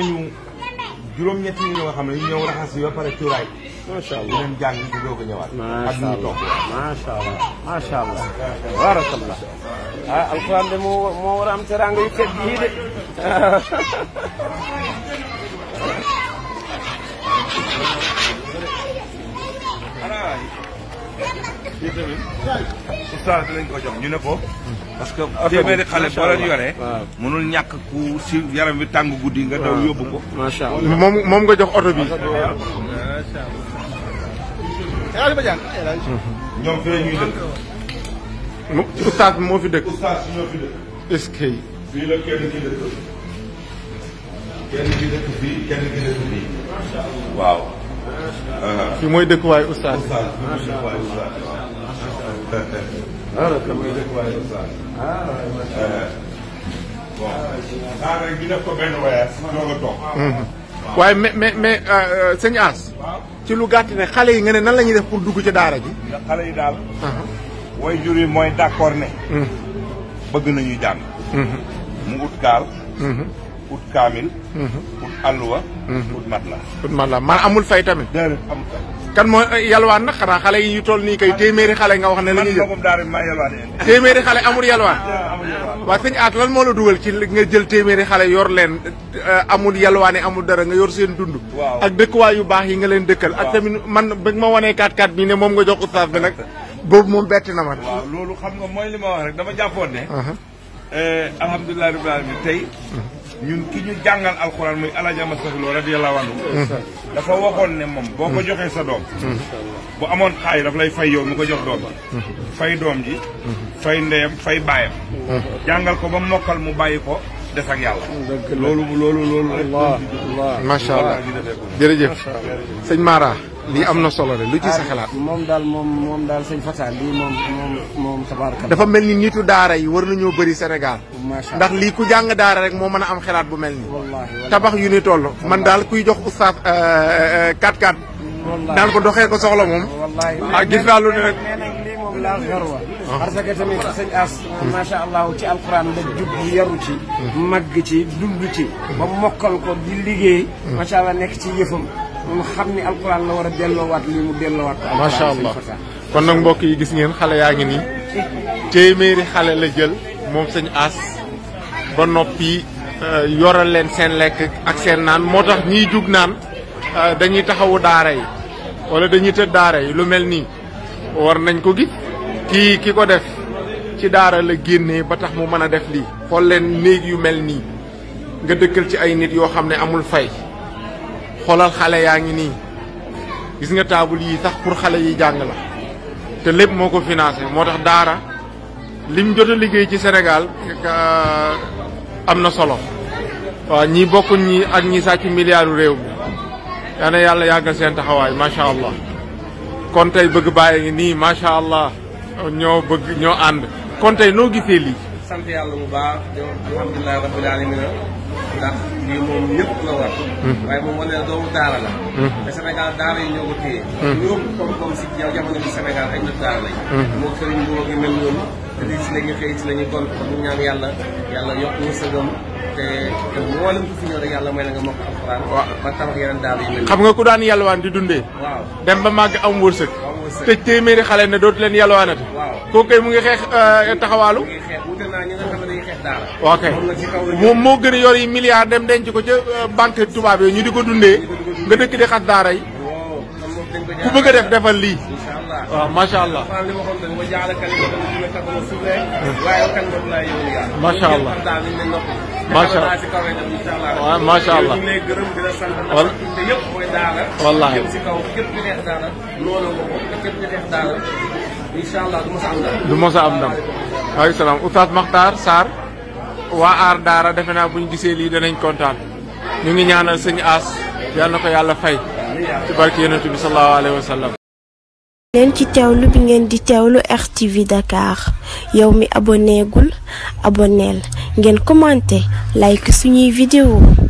ñu juróom-ñetti yi nga xam raxas yi ba pare cuuraay. macha allah dinañ jàng di doog a ñëwaat. ak ñuy toog ah, yu tedd yii kii tamit. oustaz lañ ko jox ñu ne ko. parce que téeméeri xale boo leen yoree. mënul ñàkk ku si yaram wi tàng guddi nga daw yóbbu ko. moom moom nga jox oto bi. ñoom fii la ñuy moo fi dëkk. oustaz ñoo fi dëkk. est waaw. fii mooy dëkkuwaayu oustaz. oustaz waaw waaye mais mais mais sëñ As. ci lu gàtt ne xale yi nga ne nan lañuy def pour dugg ci daara ji. xale yi daal. jur yi mooy d'accord ne. Mhm. bëgg nañu jàng. Mhm. mu ut gaal. Mhm. ut kaamil. ut alluwa. ut matla. ut matla man amul fay tamit. kan moo eh, yalwaan na xanaa xale yi ñu toll nii kay téeméeri xale nga wax ne la ñuy jël téeméeri xale amul yalwaan waaw sëñ aat lan moo la dugal ci nga jël téeméeri xale yor leen eh, amul yalwaane amul dara nga yor seen dund ak dëkk dëkkuwaay yu baax yi nga leen dëkkal ak tamit man bëgg ma wanee 4-4 bi ne moom nga jox oustaz bi nag boobu moom betti na ma loolu xam nga mooy li ma wax rek dama jàppoon ne uh-huh. Eh, alhamdulilah rabbil alamin tey ñun ki ñu jàngal alxuraan muy El Hadj Amadou Lo radiyallahu anhu dafa waxoon ne moom. boo ko joxee sa doom. bu amoon xaay daf lay fay yow mi ko jox doom fay doom ji. fay ndeyam fay baayam. jàngal ko ba mokkal mu bàyyi ko des ak yàlla. loolu loolu loolu rek. macha allah jërëjëf sëñ Mara. lii am na solo de lu ci sa ah, xalaat moom daal moom moom daal sëñ Fata lii moom moom moom tabaaraka dafa mel ni nitu daara yi war nañoo bëri Sénégal ndax lii ku jàng daara rek moo mën a am xalaat bu mel nii tabax yu ni toll man daal kuy jox oustaz 4-4 euh, naan euh, euh, ko doxee ko soxla moom ak ah, gis naa lu ah. que tamit macha allah ci alquran la jub yaru ci hmm. màgg ci dund ci ba mokkal ko di liggéey hmm. macha allah nekk ci yëfam mu xam ni alxuraan la war a delloowaat lii mu delloowaat ko. macha allah kon nag mbokk yi gis ngeen xale yaa ngi nii téeméeri xale la jël moom sëñ As ba noppi euh, yoral leen seen lekk ak seen naan moo tax ñiy jug naan euh, dañuy taxawu daara yi wala dañuy tëdd daara yi lu mel nii war nañ ko gis kii ki ko def ci daara la génnee ba tax mu mën a def lii xool leen néeg yu mel nii nga dëkkal ci ay nit yoo xam ne amul fay xolal xalé yaangi ni gis nga table yi sax pour xalé yi jang la te lepp moko financer motax dara lim jotta liggey ci senegal euh, amna solo wa ñi bokku ñi ak ñi sàcc milliardu rew mi yal na yàlla yàggal seen taxawaay allah kon tay bëgg baye ngi ma sha allah ñoo bëgg ñoo and kon tay no gisee li sante yalla bu baax alhamdullilah rabbil alamin lii moom ñëpp la war. Mm-hmm. waaye moom wane na doomu daara la. Mm-hmm. te Sénégal daara yi ñoo ko téye. ñoom comme comme si yow jamono bi Sénégal ay nit daara lañ. Mm-hmm. moo sëriñ bu wóor gi mel noonu te lii si la ñuy xëy na nga mokk alxuraan. waaw xam nga ku daan yalwaan di dundee. waaw dem ba màgg am wërsëg. am wërsëg te téeméeri xale ne dootu leen yalwaanati. waaw kooku kay mu ngi xeex euh, taxawaalu. ok moom moo gën a yor yi milliards dem denc ko ca euh, banque tubaab yooyu ñu di ko dundee nga dëkk di xas daara yi ku bëgg a def defal lii waaw allah macha allah macha du mos a am ndam. waaleykum salaam Oustaz Makhtar waa aar daara defe naa bu ñu gisee lii danañ kontaan ñu ngi ñaanal sëñ As yal na ko yàlla fay ci barke yonent bi sallallahu alayhi wa sallam leen ci teewlu bi ngeen di teewlu RTV Dakar yow mi aboneegul aboneel ngeen commenté like suñuy vidéo